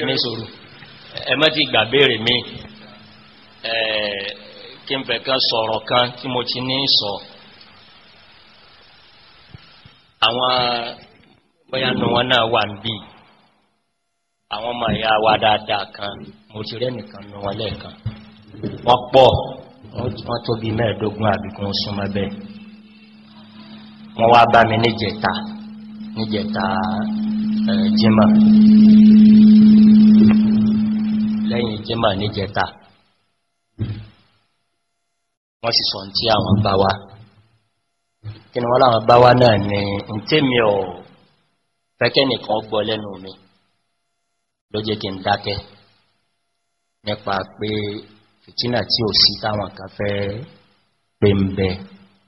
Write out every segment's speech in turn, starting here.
ẹ̀mí sòrò ẹ̀mẹ́tì gbàbéèrè mi kí n fẹ́ kan sọ̀rọ̀ kan sọ àwọn bóyá wọn náà wà ń bí àwọn ọmọ kan mo ti rẹ́ nìkan nu wọn lẹ́ẹ̀kan wọ́n pọ̀ wọ́n tó mẹ́ẹ̀ẹ́dógún àbíkún súnmọ́ wọ́n wá bá mi níjẹta níjẹta Eh, jimá lẹ́yìn jimá níjẹta wọ́n sì sọ tí àwọn bá wá kí ni wọ́n láwọn bá wá náà ni n tí mi ò fẹ́kẹ́ nìkan gbọ́ lẹ́nu mi ló jẹ́ kí n dákẹ́ nípa pé fìtínà tí ò sí táwọn kan fẹ́ pé ń bẹ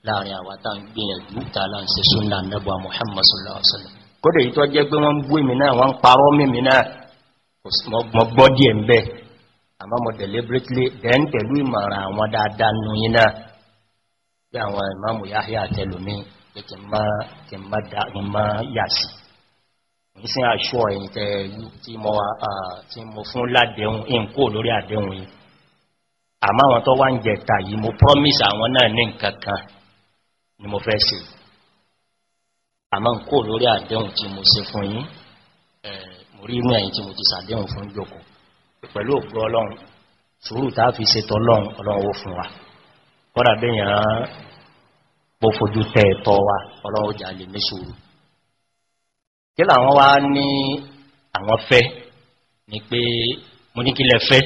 láàrin àwa tá ń gbìyànjú tá là ń ṣe súnà nẹ́bọ̀ Muhammad sallallahu kódè yìí tó jẹ́ pé wọ́n ń bú èmì náà wọ́n ń parọ́ mìmì náà mọ̀ gbọ́ díẹ̀ ń bẹ́ àmọ́ mọ̀ deliberately then pẹ̀lú ìmọ̀ràn àwọn dáadáa nù yín náà bí àwọn ìmáàmù Yahya àtẹlùmí pé kí n má yà sí i sí aṣọ ẹ̀yìn tẹ tí mo tí mo fún ládéhùn ẹ̀ ń kó lórí àdéhùn yìí àmọ́ àwọn tó wá ń jẹ̀ta yìí mo promise àwọn náà ní nǹkan kan ni mo fẹ́ ṣe àmọ́ n lórí àdéhùn tí mo ṣe fún yín mo rí inú ẹ̀yìn tí mo ti ṣàdéhùn fún jókòó pẹ̀lú òkú ọlọ́run sùúrù tá a fi ṣètò ọlọ́run ọlọ́run ó fún wa kọ́dà béèyàn bó fojú tẹ ẹ̀tọ́ wa ọlọ́run ó lè ní sùúrù kí làwọn wá ní àwọn fẹ́ ni pé mo ní kí lẹ fẹ́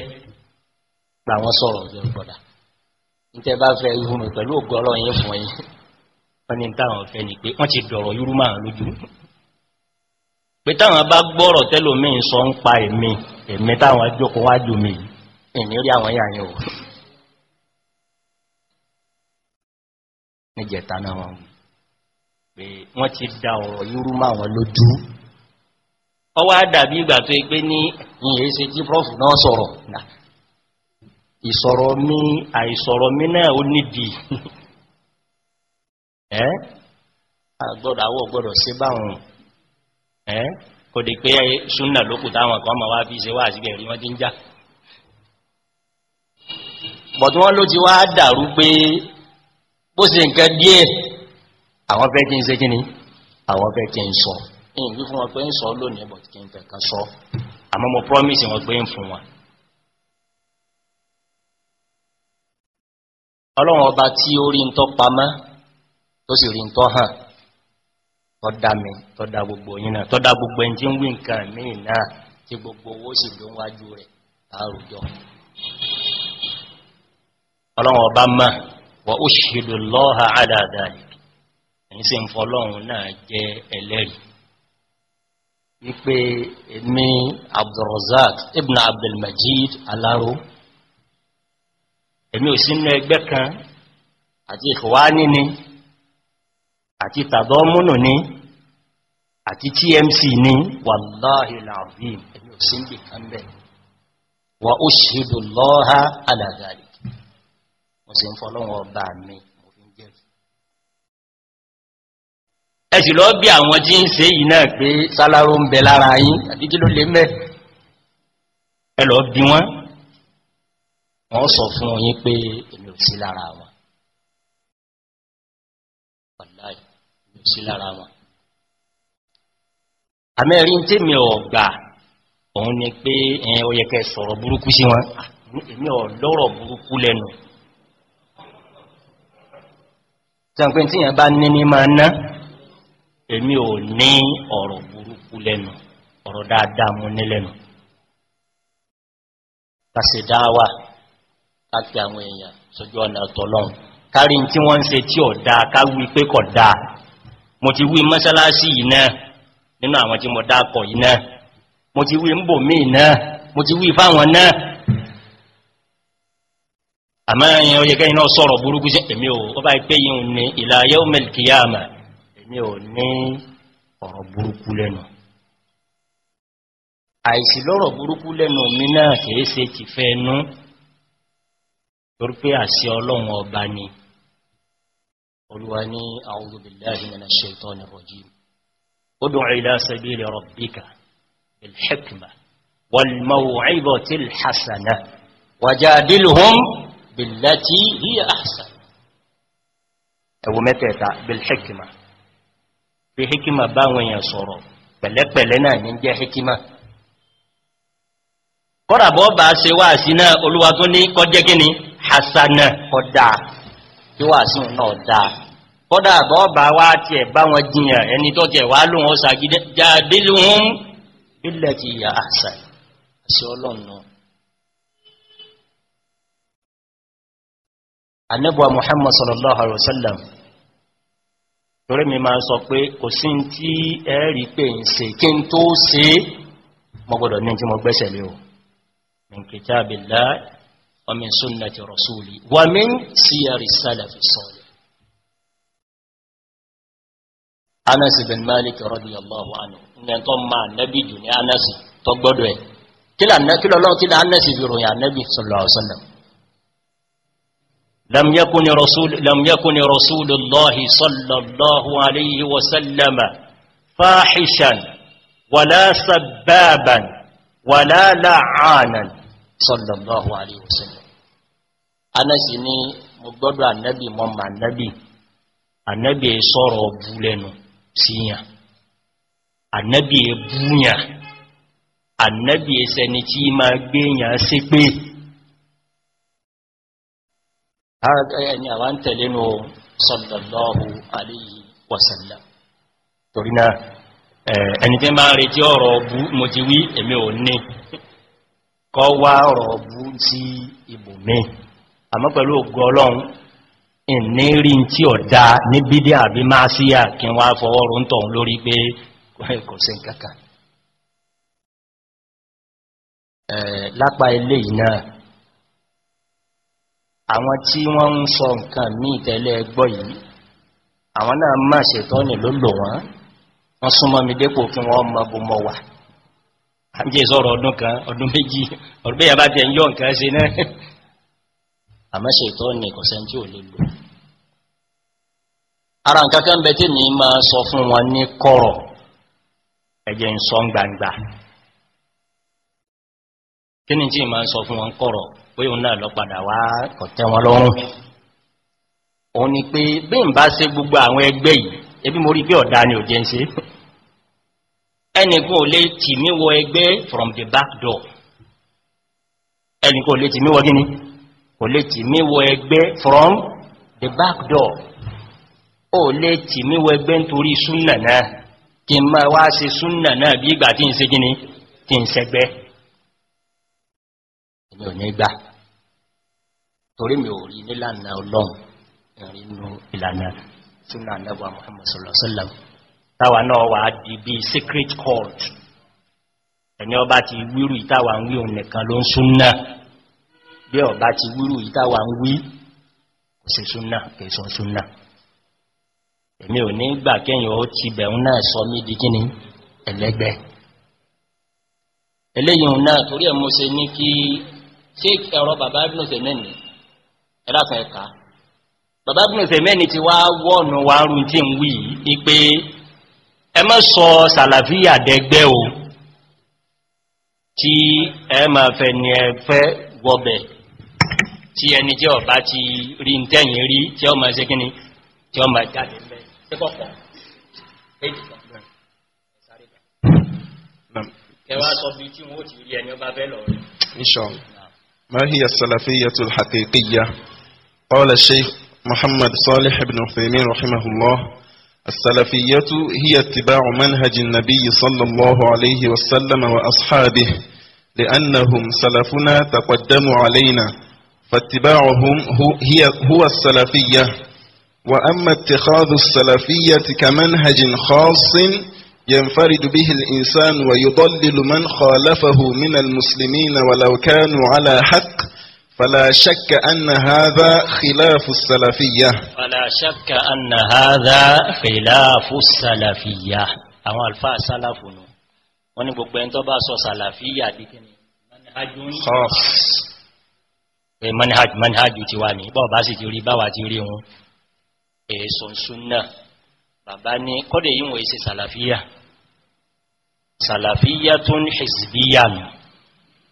gba sọ̀rọ̀ ọ̀dọ́ gbọ́dà ní tẹ́ bá fẹ́ ihun mi pẹ̀lú òkú ọlọ́run yín fún yín wọ́n ní táwọn fẹ́ ni pé wọ́n ti dọ̀rọ̀ yúrú máa lójú pé táwọn bá gbọ́rọ̀ tẹ́lòmíì sọ ń pa èmi èmi táwọn ajókòó wájú mi ìní rí àwọn yàyàn o níjẹta náà wọn pé wọ́n ti da ọ̀rọ̀ yúrú wọn lójú ọwọ́ àdàbí ìgbà tó gbé ní ìyẹn ṣe tí prof náà sọ̀rọ̀ ìsọ̀rọ̀ mi àìsọ̀rọ̀ mi náà ó nídìí ẹ́ àgbọ́dọ̀ awọ gbọ́dọ̀ sí báwọn ẹ́ kò dì pé súnà lókù táwọn kan máa wá fi ṣe wá síbẹ̀ rí wọ́n ti ń já ló ti wá dàrú pé bó ṣe nǹkan díẹ̀ àwọn fẹ́ kí n ṣe kí ni àwọn fẹ́ kí n sọ fún sọ lónìí kí wọn pé ń fún wọn ọba tí ó rí ń tó sì rí ń tọ́ hàn tó dá mi tó dá gbogbo yín náà tó dá gbogbo ẹni tí ń wí nǹkan míì náà tí gbogbo owó sì ló ń wájú rẹ̀ àrùjọ ọlọ́run ọba mọ̀ wọ́n ó ṣèlú lọ́ha àdáadáa ẹ̀yìn sì ń fọlọ́run náà jẹ́ ẹlẹ́rìí wípé èmi abdulrazak ibn abdulmajid alaro èmi ò sínú ẹgbẹ́ kan àti ìfọwánini àti tàdọ́múnù ní àti tmc ní wàláhì láàrí ẹni ò sí ìgbè kan bẹ̀ wà ó ṣèdò lọ́ha alàgàrí mo sì ń fọ́lọ́wọ́ ọba mi mo fi ń jẹ́rì ẹ̀sì lọ bí àwọn tí ń ṣe yìí náà pé sálárò ń bẹ lára yín àti kí ló lè mẹ́ ẹ lọ bí wọ́n wọ́n sọ fún yín pé èmi ò sí lára wọn sí lára wọn àmẹ́rin tí mi ò gbà òun ni pé ẹ̀yìn oyẹkẹ sọ̀rọ̀ burúkú sí wọn èmi ò lọ́rọ̀ burúkú lẹ́nu jàǹpé tí yàn bá ní ní máa ná èmi ò ní ọ̀rọ̀ burúkú lẹ́nu ọ̀rọ̀ dáadáa mú ní lẹ́nu kàṣẹ dáwà káàkiri àwọn èèyàn sójú ọ̀nà ọ̀tọ̀ lọ́hùn kárí tí wọ́n ń ṣe tí ò dáa káwí pé kò dáa mo ti wí mọ́sálásí ninu awọn nínú àwọn tí mo dákọ̀ mbomi náà mo ti wí mbòmí náà mo ti wí fáwọn náà àmọ́ ẹ̀yìn oyèkẹ́ iná sọ̀rọ̀ burúkú sí èmi ò ọba ìpé yìí ní o yawmil qiyama èmi ò ní ọ̀rọ̀ burúkú lẹ́nu àìsí lọ́rọ̀ burúkú lẹ́nu mi náà kìí ṣe tìfẹ́ ẹnu torí pé àṣẹ ọlọ́run ọba ni olúwa ní a'udhu billahi minash shaitanir rajim ud'u ila sabili rabbika bil hikma wal maw'izatil hasana wajadilhum billati hiya ahsan ẹ̀wọ̀ mẹ́tẹ̀ẹ̀ta bil hikma fi hikima báwọn èèyàn sọ̀rọ̀ pẹ̀lẹ́pẹ̀lẹ́ náà ní jẹ́ hikima kọ́ràbọ́ bá ṣe náà ní kọjẹ́ gíní kí wà sí náà dáa kọ́dà bọ́ọ̀bà wá tiẹ̀ bá wọn jiyàn ẹni tó tiẹ̀ wá lóhun ọ̀sà gidẹ́ jadiluhum billati hiya ahsan sí ọlọ́run náà. anabuwa muhammad sallallahu alaihi wasallam torí mi máa sọ pé kò sí tí ẹ rí pé ń ṣe kí n tó ṣe mo gbọ́dọ̀ ní tí mo gbẹ́sẹ̀ lé o min ومن سنة رسولي ومن سير السلف الصالح أنس بن مالك رضي الله عنه نطمع مع النبي جني أنس تقبضه كلا كل الله كلا أنس يقولون يا النبي صلى الله عليه وسلم لم يكن رسول لم يكن رسول الله صلى الله عليه وسلم فاحشا ولا سبابا ولا لعانا sallallahu alaihi wasallam anasi ni mo gbọ́dọ̀ anabi mo ma anabi anabi sọ̀rọ̀ ọbu lẹ́nu síyàn anabi ebuyan anabi esẹni tí ma gbéyàn sí pé ẹni àwọn ń tẹ̀lé nù sallallahu alaihi wasallam torí náà ẹni tí ń retí ọ̀rọ̀ ọbu mo ti wí èmi ò ní kọ wá ọ̀rọ̀ ọ̀bú ti ìbòmí àmọ́ pẹ̀lú ògùn ọlọ́run ìní rí tí ọ̀dá ní bídí àbí máa sí àkín wá fọwọ́rún tọ̀hún lórí pé kò sí kàkà lápá ilé ìná àwọn tí wọ́n ń sọ nǹkan mí ìtẹ́lẹ̀ ẹgbọ́ yìí àwọn náà máa ṣètọ́ nì wọ́n wọ́n súnmọ́ mi dépò kí wọ́n mọ wà a ń jẹ́ sọ́rọ̀ ọdún kan ọdún méjì ọdún yàbá tẹ́ ń yọ nǹkan ṣe náà àmẹ́ṣe tó ní kọ̀sẹ́ tí ò lè lò ara nǹkan kan bẹ tí mi máa sọ fún wọn ní kọ̀rọ̀ ẹ̀jẹ̀ ń sọ gbangba kí ni tí mi máa sọ fún wọn kọ̀rọ̀ pé òun náà lọ padà wá kọ̀tẹ́ wọn lọ́rùn òun ni pé bí n bá ṣe gbogbo àwọn ẹgbẹ́ yìí ebi mo rí pé ọ̀dà ni ò jẹ́ ń ṣe ẹnìkan ò lè tì mí wọ ẹgbẹ́ from the back door ẹnìkan ò lè tì mí wọ gíní ò lè tì mí wọ ẹgbẹ́ from the back door ò lè tì mí wọ ẹgbẹ́ nítorí súnà náà kí n máa wá ṣe súnà náà bí ìgbà tí n ṣe gíní tí n ṣẹgbẹ́ èmi ò ní gbà torí mi ò rí nílànà ọlọ́run ìrìnnú ìlànà súnà náà wà Muhammad sallallahu táwa náà wà di bí secret court ẹni ọba ti wíru ìtawà ń wí òun nìkan ló ń súnná bí ọba ti wíru ìtawà ń wí kò sí súnná kò sọ súnná èmi ò ní gbà kẹ́yìn ó ti bẹ̀rún náà sọ mí di kíni ẹlẹ́gbẹ́ eléyìí òun náà torí ẹ̀ mo ṣe ní kí ṣé ẹ̀rọ bàbá ibùdó ṣe mẹ́ni ẹ̀rọ àfẹ́ ẹ̀ka bàbá ibùdó ṣe mẹ́ni ti wá wọ́ọ̀nù wa rú tí ń wí yìí pé ẹ mọ́ sọ sàlàfíà dẹgbẹ́ o tí ẹ ma fẹ́ ni ẹ fẹ́ wọ́bẹ̀ tí ẹni jẹ́ ọ̀bá ti rí tẹ́yìn rí tí ọ ma ṣe kíní tí ọ ma jáde mẹ́ tí sọ bí tí wọ́n ti rí ẹni ọba bẹ́ lọ rí inṣọ́n ما هي السلفية الحقيقية قال الشيخ محمد صالح بن عثيمين رحمه الله السلفية هي اتباع منهج النبي صلى الله عليه وسلم وأصحابه لأنهم سلفنا تقدموا علينا فاتباعهم هي هو السلفية وأما اتخاذ السلفية كمنهج خاص ينفرد به الإنسان ويضلل من خالفه من المسلمين ولو كانوا على حق فلا شك أن هذا خلاف السلفية فلا شك أن هذا خلاف السلفية àwọn àlùfáà sálàfù nù wọn ni gbogbo ẹni tó bá sọ sàlàfíyà bí kí ni manhajù ti wà ní bọ́ọ̀ bá sì ti rí báwa ti rí wọn èso súnà bàbá ní kọ́dẹ̀ yìí wọ́n ṣe sàlàfíyà sàlàfíyà tó ń hizbíyà nù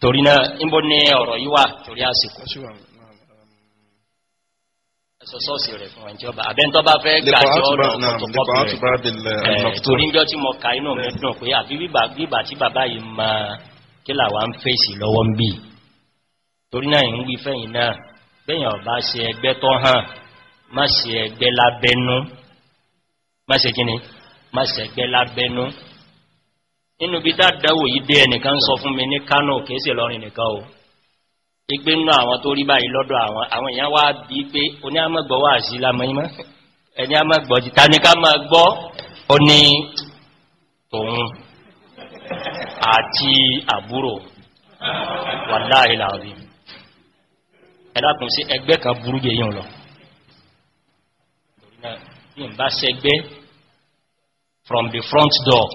torí náà níbo ní ọ̀rọ̀ yìí wà torí àsìkò ẹ̀sọ̀ sọ́ọ̀sì rẹ̀ fún ẹ̀jẹ̀ ọba àbẹ́ntọ́ bá fẹ́ gbàjọ́ ọ̀dọ̀ ọ̀tọ̀kọ́pù torí njọ́ tí mo kà inú mi dùn pé àbí bíbà tí bàbá yìí ma kí làwa ń fèsì lọ́wọ́ ń bì torí náà ń wí fẹ́yìn náà bẹ́yìn ọba ṣe ẹgbẹ́ tó hàn má ṣe ẹgbẹ́ lábẹ́nú má ṣe kíni má ṣe ẹgbẹ́ lábẹ́nú nínú bí tá yìí dé ẹnìkan sọ fún mi ní Kánò kéèsè lọrin nìkan o igbe nínú àwọn tó rí báyìí lọ́dọ̀ àwọn àwọn èèyàn wá bí i pé oní àmọ́gbọ́ wà sí lámọ́ímọ́ ẹni àmọ́gbọ́ ti ta ní ká máa gbọ́ ó ní òun àti àbúrò wàláhì láàrí ẹlákùn sí ẹgbẹ́ kan burú jẹ yíò lọ ní ìbá from the front door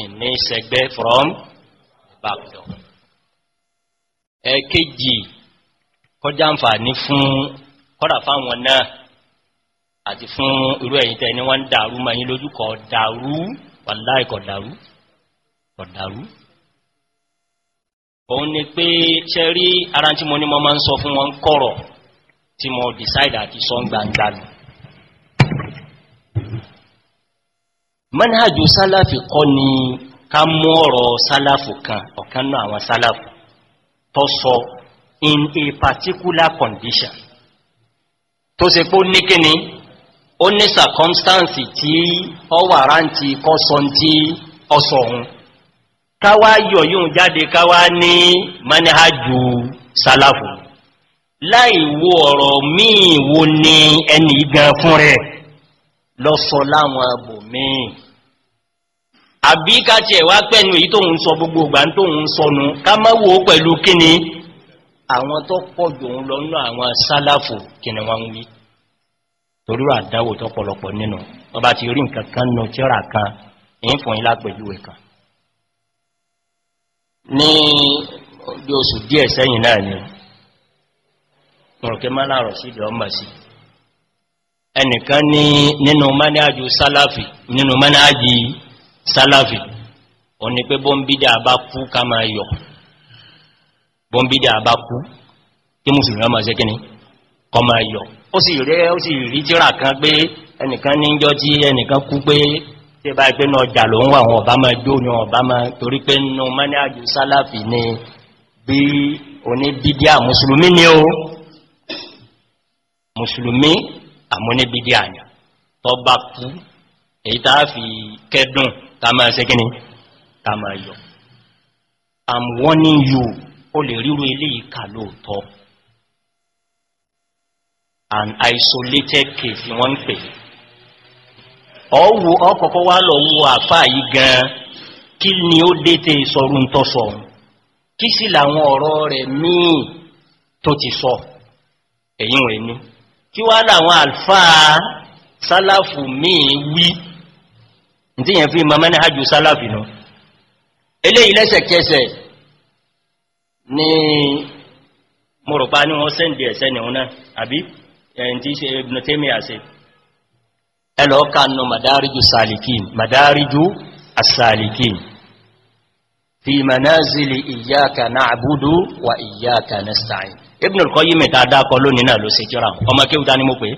ìní sẹgbẹ́ from Ìbàdàn ẹ̀kejì kọjá àǹfààní fún kọ́dà fáwọn náà àti fún irú ẹ̀yin tẹ́ ni wọ́n ń dàrú mọ́ yín lójú kọ̀ dàrú wàláì kọ̀ dàrú kọ̀ dàrú òun ni pé ṣe rí ara mo ní mo máa ń sọ fún wọn kọ̀rọ̀ tí mo decide àti sọ ń gbangba nù manhajù sálàfì kọ́ ni ká mú ọ̀rọ̀ sálàfù kan ọ̀kan àwọn sálàfù tó sọ in a particular condition tó ṣe pé ó ní kíni ó ní circumstance tí ọ wà rántí kọ́sọ̀n tí ọ sọ ohun káwá yọ̀ yóò jáde káwá ní manhajù sálàfù láì ọ̀rọ̀ míì wo ni gan fún rẹ̀ lọ́sọ láwọn abòmíì àbí káti ẹ̀wà pẹ̀lú èyí tóhun sọ gbogbo ìgbà tóhun sọnù ká má wò ó pẹ̀lú kíni àwọn tó pọ̀ jù òun lọ́nà àwọn sálàfò kíni wọ́n ń wí torí àdáwò tó pọ̀lọpọ̀ nínú wọ́n ti rí nǹkan kan nù tíra kan èyí fún yín lápẹ̀lú ẹ̀kan ní oṣù díẹ̀ sẹ́yìn náà ni mọ̀rọ̀kẹ́ má láàrọ̀ sí ìdí ọmọ sí i ẹnìkan ní nínú manájú sálàfì nínú manájí sálàfì ó ní pé bọ́m̀bídà bá kú ká máa yọ̀ bọ́m̀bídà bá kú kí mùsùlùmí ọmọ ṣe kíni kọ máa yọ̀ ó sì rẹ́ ó sì rí tíra kan pé ẹnìkan níjọ́ tí ẹnìkan kú pé tí bá pé náà jà ló ń wà wọn ọba máa jó yan ọba máa torí pé nínú manájú sálàfì ni bí oníbídíà mùsùlùmí ni ó mùsùlùmí àmúnibídí àyà tó bá kú èyí tá fi kẹ́dùn ká máa ṣe kíní ká máa yọ i'm warning you ó lè ríru eléyìí kà lóòótọ́ an isolated case ni wọ́n ń pè ọ̀wọ́ ọkọ̀kọ́ wá lọ wo àfáà yìí gan kí ni ó dé tẹ ìsọrú ń tọ́sọ̀ kí sì làwọn ọ̀rọ̀ rẹ̀ míì tó ti sọ èyí wọ̀nyí kí wá làwọn àlfáà sálàfù míì wí tí yẹn fi mọ́mọ́ ní hajjú sálàfù nù eléyìí lẹ́sẹ̀kẹsẹ̀ ni mo rò pa ní wọ́n sẹ́ǹdì ẹ̀sẹ̀ ni òun náà àbí ẹ̀yìn tí ṣe Ibn Taymiyyah àṣẹ ẹlọ́ọ̀ka nù madariju salikin madariju as-salikin fi manazili iyyaka na'budu wa iyyaka nasta'in Ibnul Qayyim mẹ́ta dákọ lónìí náà ló ṣe tíra ọmọ kéwù ta ni mo pè é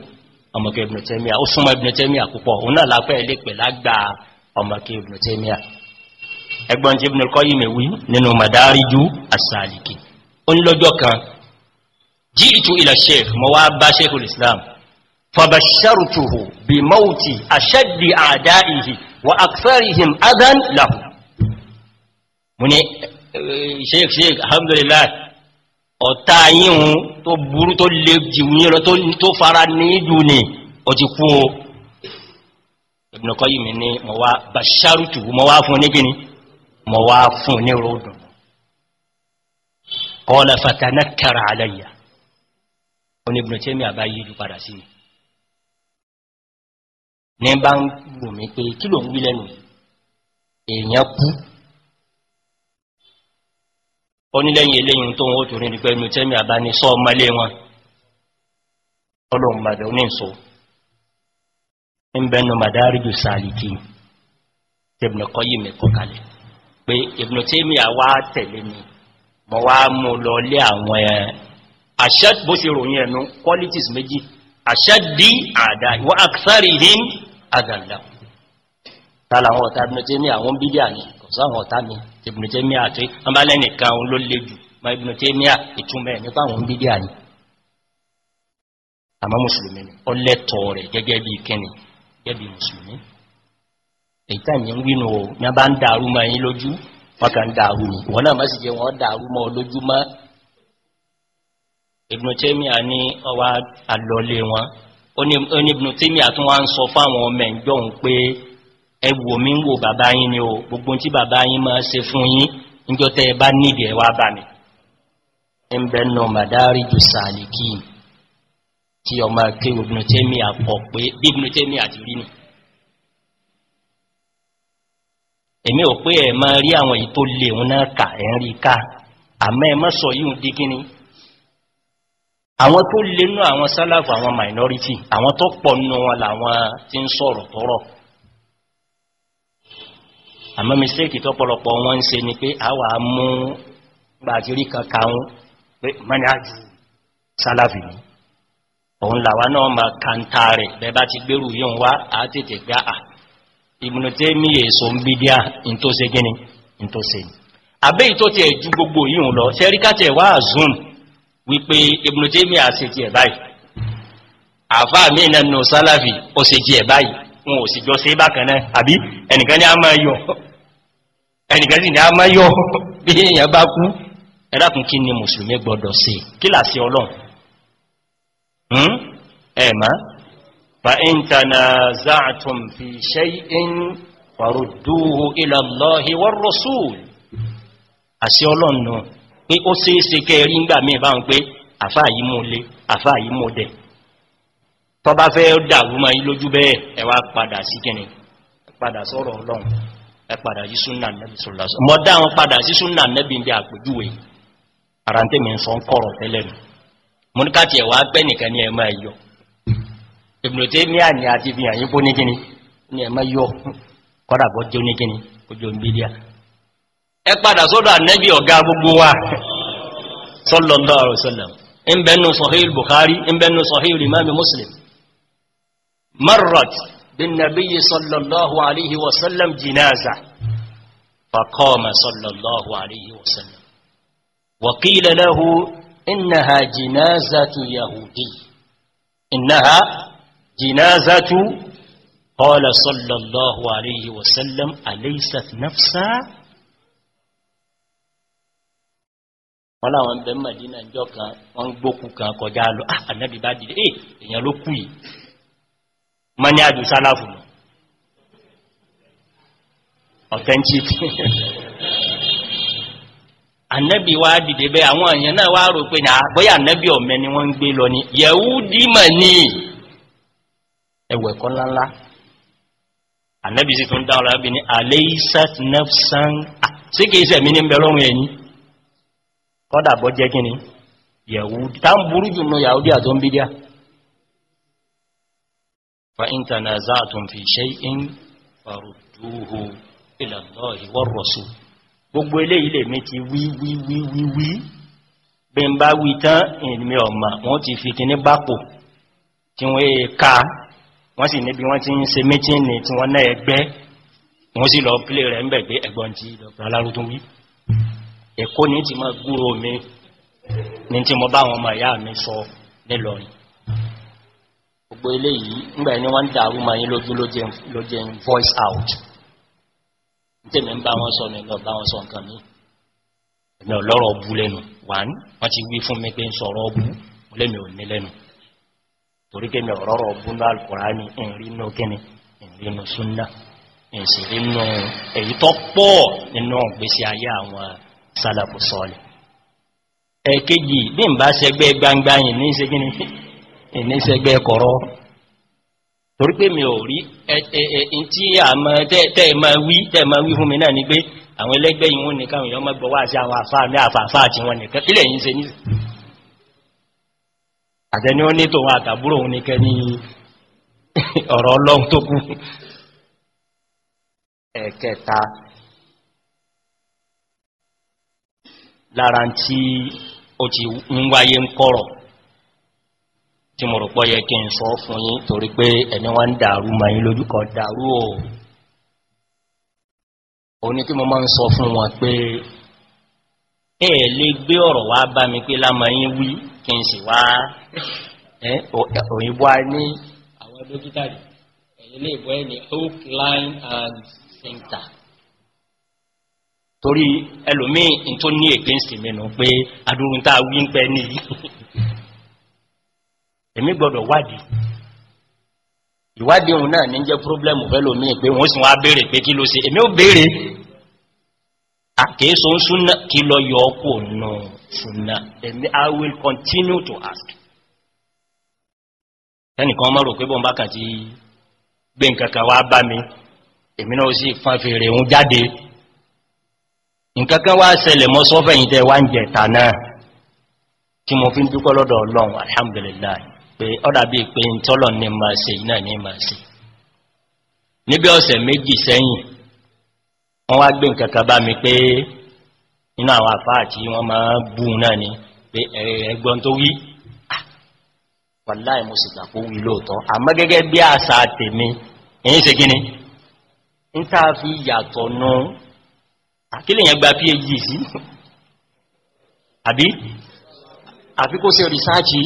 ọmọ kéwù Ibn Taymiyyah ó súnmọ́ Ibn Taymiyyah púpọ̀ òun náà lápẹ́ ilé pè lágbà ọmọ kéwù Ibn Taymiyyah ẹgbọ́n tí Ibnul Qayyim mi wí nínú Madariju as-Salikin ó ní lọ́jọ́ kan ji'tu sheikh sheikh alhamdulillah ọ̀tá yíhun tó burú tó lè jìwúyẹ́ lọ tó fara ní ìdù ni ó ti kú o Ibn Qayyim ní mọ̀ wá basharutu mọ̀ wá fún ní gíní mọ̀ wá fún ní ròdùn qala fatanakkara alayya ó ní Ibn Taymiyyah àbá yíjú padà sí mi ní bá ń gbòmí pé kí ló ń wí lẹ́nu èèyàn kú onílẹ́yìn eléyìn tó wọ́n tó rí ní pẹ́lú tẹ́mì àbá ní sọ ọmọlé wọn ọlọ́run bàbẹ̀ oníṣò ń bẹnu sàlìkì tẹ́bùnàkọ́ yìí mẹ́kọ́ kalẹ̀ pé ìbùnà tẹ́mì àwá tẹ̀lé ni mọ́ wá mú lọ àwọn ẹ̀ àṣẹ́d bó ṣe ròyìn ẹ̀nu qualities méjì àṣẹ́dí àdá ìwọ́ tààlà àwọn ọ̀tá ìbùnà tẹ́mì sáwọn ọ̀tá mi Ibn Taymiyyah àti wọn bá lẹ́nìkan òun ló le jù mọ Ibn Taymiyyah ìtumọ̀ nípa àwọn bídí àní àmọ́ mùsùlùmí ni ọlẹ́tọ̀ rẹ̀ gẹ́gẹ́ bí kẹ́ni gẹ́gẹ́ bí mùsùlùmí ń wínú o ní a bá ń dàrú mọ́ ẹyin lójú wọ́n kàn ń dàrú ni wọ́n náà má sì jẹ́ wọ́n dàrú mọ́ lójú mọ́ Ibn Taymiyyah ní ọwọ́ àlọ́lé wọn ó ní Ibn Taymiyyah tún wá ń sọ fáwọn ọmọ ẹ̀ńjọ́ òun pé ẹwò mi ń wò bàbá yín ni o gbogbo tí bàbá yín máa ṣe fún yín níjọ́ tẹ́ ẹ bá nídìí ẹ wá bá mi. ẹ ń bẹ nù màdárì ju sàlìkì tí ọmọ akéwì Ibn àpọ̀ pé bí Ibn àti rí ni. èmi ò pé ẹ máa rí àwọn èyí tó lè òun náà kà ẹ ń rí ká àmọ́ ẹ má sọ yìí ń di kíni. àwọn tó lé nú àwọn sálàfù àwọn minority àwọn tó pọ̀ nù wọn làwọn ti ń sọ̀rọ̀ tọrọ̀ àmọ́ mistake tó pọ̀lọpọ̀ wọ́n ń ṣe ni pé àwà mú gbàjírí kan kàún pé mọ́nájú sálàfì ní òun làwà náà ma kàntà rẹ̀ bẹ́ẹ̀ bá ti gbérù yíò wá a tètè gbá à ìmúnutẹ́ mi èso ń bí díà tó ṣe gíní in tó ṣe àbẹ́ ìtó ti ẹ̀jú gbogbo yíò lọ sẹ́ríkàtẹ̀ wá zoom wípé ìmúnutẹ́ mi àṣetì ẹ̀ báyìí àfáà mi ìnànà sálàfì ó ṣe jẹ́ báyìí wọn ò sì jọ sí bákan náà àbí ẹnìkan ní a máa yọ ẹnìkan sì ní a máa yọ bí èèyàn bá kú ẹ̀dàkùn kí ni mùsùlùmí gbọdọ̀ sí kí làsí ọlọ́run hmm? ila Allahi war rasul àsí ọlọ́run náà pé ó ṣeéṣe kẹ́ rí ńgbà àfáà yìí mú le àfáà yìí mú dẹ̀ tọ́ bá fẹ́ dàrú ma yí lójú bẹ́ẹ̀ ẹ wá padà sí kíni padà sọ́rọ̀ ọlọ́run ẹ padà sí súnà nẹ́bí sọ́lọ́sọ́ mọ́ dá wọn padà sí súnà nẹ́bí bí àpèjúwe ara ń tẹ̀mí sọ kọ̀rọ̀ tẹ́lẹ̀ nù mo ẹ̀wà pẹ́ nìkan ní ẹ yọ ìbùnòtẹ́ ní àní àti fi hàn kó ní kíni ní ẹ yọ kọ́dà bọ́ jẹ́ oníkíni kó jẹ́ oníbídíà ẹ padà sọ́dọ̀ ànẹ́bí ọ̀gá gbogbo wa sallallahu ń bẹ́nu sahih Bukhari مرت بالنبي صلى الله عليه وسلم جنازة فقام صلى الله عليه وسلم وقيل له إنها جنازة يهودي إنها جنازة قال صلى الله عليه وسلم أليست نفسا wọ́n láwọn bẹ̀rẹ̀ mẹ́dínà ìjọ kan wọ́n gbókù kan kọjá lọ ànábì bá dìde èèyàn ló kú yìí mani àjò sálàfù authentic annabi wa dìde bẹ́ àwọn èèyàn náà wá rò pé ní àbọ́yà annabi ọ̀mẹ́ ni wọ́n ń gbé lọ ní yẹ̀údí mọ̀ ní ẹ̀wẹ̀ kan ńláńlá annabi sì tún dáhùn lábí ní aleisat nafsan sí kìí sẹ̀mí ní bẹ ẹ̀yìn kọ́dà bọ́ jẹ́ kí ni yẹ̀údí tá ń burú jù lọ yàúdí àtọ́ ń bídíà فإن تنازعتم في شيء فردوه إلى الله والرسول gbogbo eléyìí lè mi ti wí wí wí wí wí bí n bá wí tán ìrìnmi ọ̀mà wọ́n ti fi kíní bápò tí wọ́n èé ká wọ́n sì níbi wọ́n ti ń ṣe mítínì tí wọ́n náà ẹgbẹ́ wọ́n sì lọ pílé rẹ̀ ń bẹ̀gbẹ́ ẹgbọ́n ti dr alárútún wí ẹ̀kọ́ ní ti máa gúrò mi ní tí mo bá wọn mọ̀ ìyá mi sọ nílọrin gbogbo eléyìí ńgbà ẹni wọ́n ń dàrú ma yín lójú ló jẹ́ ń voice out tèmi ń bá wọn sọ mi lọ bá wọn sọ nǹkan mi èmi ò lọ́rọ̀ bu lẹ́nu wàn wọ́n ti wí fún mi pé ń sọ̀rọ̀ bu lẹ́mi ò ní lẹ́nu torí kémi ọ̀rọ̀rọ̀ bu ní alukurani ìrìn inú kíni ìrìn inú sunna ìsìrí inú èyí tó pọ̀ nínú ìgbésí ayé àwọn sálàkù sọ́ọ̀lì ẹ̀kejì bí n bá ṣẹgbẹ́ gbangba yìí ní ṣe ìníṣẹ́gbẹ́ kọ̀rọ̀ torí pé mi ò rí a mọ̀ tẹ́ẹ̀mọ̀ wí tẹ́ẹ̀mọ̀ wí fún mi náà ni pé àwọn ẹlẹ́gbẹ́ yìí wọ́n nìkan èèyàn mọ́gbọ̀ wá sí àwọn àfáà ní àfàfà àti wọn nìkan yìí ṣe ní àtẹni ó ní tòun àtàbúrò òun nìkan ní tó kú ẹ̀kẹta lára tí ó ti ń wáyé tí mo rò pọ́ yẹ kí n sọ fún yín torí pé ẹni wá ń dàrú ma yín lójú kan dàrú o ò ní kí mo máa ń sọ fún wọn pé ẹ lè gbé ọ̀rọ̀ wá bá mi pé lámà yín wí kí n sì wá òyìnbó a ní àwọn dókítà ẹ̀yìn lè bọ́ ẹni hook line and center torí ẹlòmíì tó ní against mi nù pé adúrúntà wí ń pẹ́ nìyí. èmi gbọ́dọ̀ wádìí ìwádìí òun náà ní jẹ́ pírọ́blẹ́mù fẹ́ lómi pé wọ́n sì wá béèrè pé kí ló ṣe èmi ò béèrè àkèéso ń súnà kí lọ yọ ọkù ọ̀nà súnà èmi i will continue to ask ẹnìkan mọ́ rò pé bọ́n bá kà ti gbé nǹkan kan wá bá mi èmi náà sì fan fèrè òun jáde nǹkan kan wá ṣẹlẹ̀ mọ́ sọ́fẹ̀yìntẹ́ wá ń jẹ̀ta náà tí mo fi ń dúpọ́ lọ́dọ̀ ọlọ́run alhamdulillah pé ọ́dà bí pé ń tọ́lọ̀ ní ma ṣe iná ní ma ṣe níbi ọ̀sẹ̀ méjì sẹ́yìn wọ́n wá gbé nǹkan kan bá mi pé nínú àwọn àfáà tí wọ́n máa bú náà ni pé ẹgbọ́n tó wí ah, wàláì mo sì gbà kó wí lóòótọ́ àmọ́ gẹ́gẹ́ bí àṣà tèmi èyí ṣe kí ni ń tá a fi yàtọ̀ nu àkílẹ̀ yẹn gba phd sí àbí àfikún sí rìsáàchì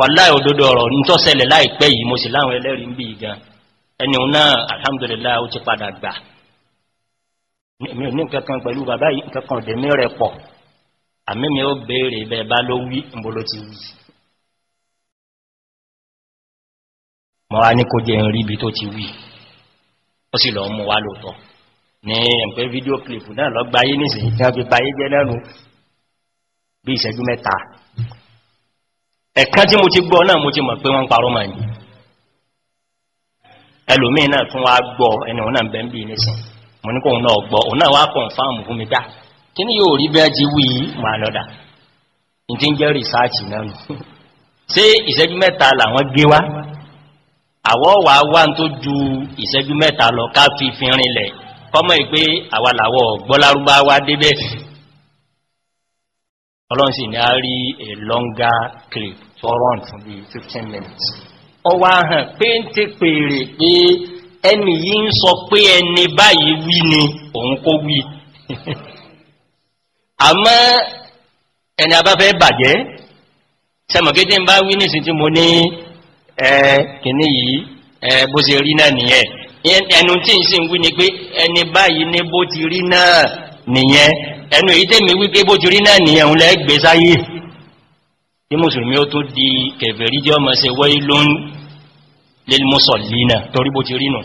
wàláì òdodo ọ̀rọ̀ ní tó ṣẹlẹ̀ láìpẹ́ yìí mo sì láwọn ẹlẹ́rìí ń bí gan ẹni òun náà alhamdulillah ó ti padà gbà mi ò ní kankan pẹ̀lú bàbá yìí kankan òde mi rẹ̀ pọ̀ àmì mi ó béèrè bẹ́ẹ̀ bá ló wí níbo ló ti wí. mo wá ní kó jẹ́ ń ibi tó ti wí ó sì lọ́ọ́ mú wá lóòótọ́ ní ẹ̀pẹ́ fídíò clip náà lọ́gbáyé nísìnyí kí wọ́n fi báyé jẹ́ lẹ́nu bí ìṣẹ́jú mẹ́ta ẹ̀kan tí mo ti gbọ́ náà mo ti mọ̀ pé wọ́n ń parọ́ màá ní ẹlòmíì náà tún wá gbọ́ ẹni òun náà bẹ́ẹ̀ ń bì nísìn mo ní kó òun náà gbọ́ òun náà wá kọ̀ǹfàmù fún mi dá ah, kí ni yóò rí bẹ́ẹ̀ ti wí màá lọ́dà ní ti ń jẹ́ rìsáàtì náà nù ṣé ìṣẹ́jú mẹ́ta làwọn gbé wá àwọ̀ wà wá tó ju ìṣẹ́jú mẹ́ta lọ ká fi fi rinlẹ̀ kọ́mọ̀ ìpé àwa làwọ̀ gbọ́lárúbáwá débẹ̀ ọlọ́run sì ní a rí a longer clip sọ̀rọ̀ fún bí fifteen minutes ọwọ́ ahàn pé ń tẹ́ pèrè pé ẹni yìí ń sọ pé ẹni báyìí wí ni òun kó wí àmọ́ ẹni abáfẹ́ bàjẹ́ sẹmọ̀kéjì ń bá wí nísìn tí mo ní ẹ kìíní yìí ẹ bó ṣe rí náà nìyẹn ẹnu tí ń wí ni pé ẹni báyìí ní bó ti rí náà nìyẹn ẹnu èyí tẹ́mi wí pé bó ti rí náà nìyẹn òun lẹ́gbẹ̀ẹ́ tí mùsùlùmí ó tún di kẹfẹ̀rí jẹ́ ọmọ ṣe wáyé lóń lílmùsọ̀línà torí bó ti rínù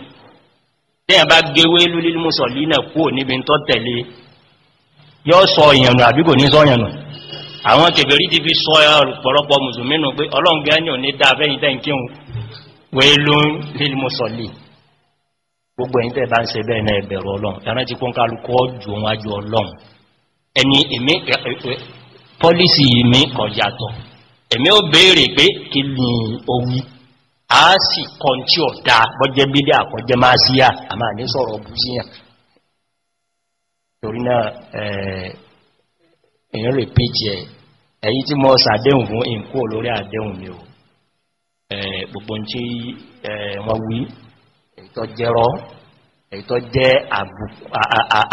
tẹ́yà bá gbéwé lílmùsọ̀línà kúò níbi tó tẹ̀lé yóò sọ ìyànnù àbí kò ní sọ ìyànnù àwọn kẹfẹ̀rí ti fi sọ ọ̀pọ̀lọpọ̀ mùsùlùmí nù pé ọlọ́run gbogbo ẹ̀yin tẹ́ bá ń ṣe bẹ́ẹ̀ náà ẹ̀bẹ̀rù ọlọ́run ẹran ti kún kálukú ọjù wọn èmi ó béèrè pé kí ni owí a sì kan tí ọ̀ dá bọ́jẹ́ bí dé àkọjẹ́ máa sí à a máa ní sọ̀rọ̀ bú sí yàn torí náà èyàn rè péjì ẹ̀ èyí tí mo sàdéhùn fún ìkó lórí àdéhùn mi ò gbogbo tí wọ́n wí èyí jẹ́rọ èyí jẹ́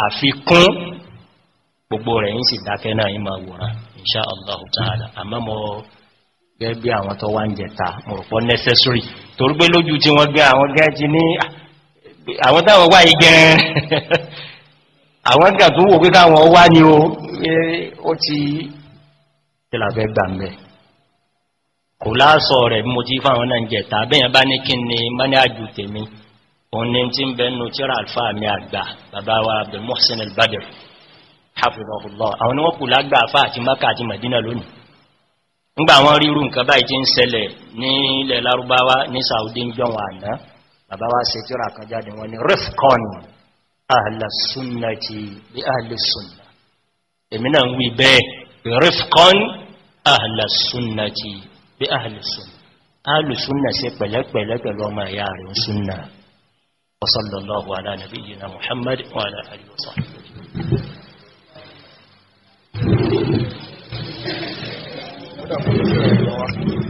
àfikún gbogbo rẹ̀ yìí sì dákẹ́ náà yìí máa wòrán inṣáàlá ta'ala àmọ́ mo gẹ́gẹ́ bí àwọn tó wá ń jẹta mọ̀rọ̀pọ̀ necessary torí pé lójú tí wọ́n gbé àwọn gẹ́ẹ̀jì ní ah, àwọn táwọn wá yìí gẹ́rẹ́ àwọn gà tó wò pé káwọn wá ní o ó ti tẹ́làfẹ́ gbà ń bẹ̀ kò láàsọ rẹ̀ mo ti fáwọn náà ń jẹta bẹ́yẹn bá ní kí ni mani àjù tèmi òun ni ti ń bẹnu tíra alfa mi àgbà bàbá wa Abdul Muhsin al-Badr àwọn ni wọ́n kù lágbà àfáà àti Mákà ńgbà wọn ríru nǹkan báyìí ti ń ṣẹlẹ̀ ní ilẹ̀ lárúbáwá ní saudi jọ̀wọ̀n àná bàbá wa ṣe tíra kan jáde wọn ni rifcon ahlasunati bí ahlasunna èmi náà ń wí bẹ́ẹ̀ rifcon ahlasunati bí ahlasunna ahlasunna ṣe pẹ̀lẹ́pẹ̀lẹ́ pẹ̀lú ọmọ ẹ̀yà rẹ̀ ń sunna wasallallahu ala nabiyyina muhammad wa ala alihi wa sahbihi 在部队里头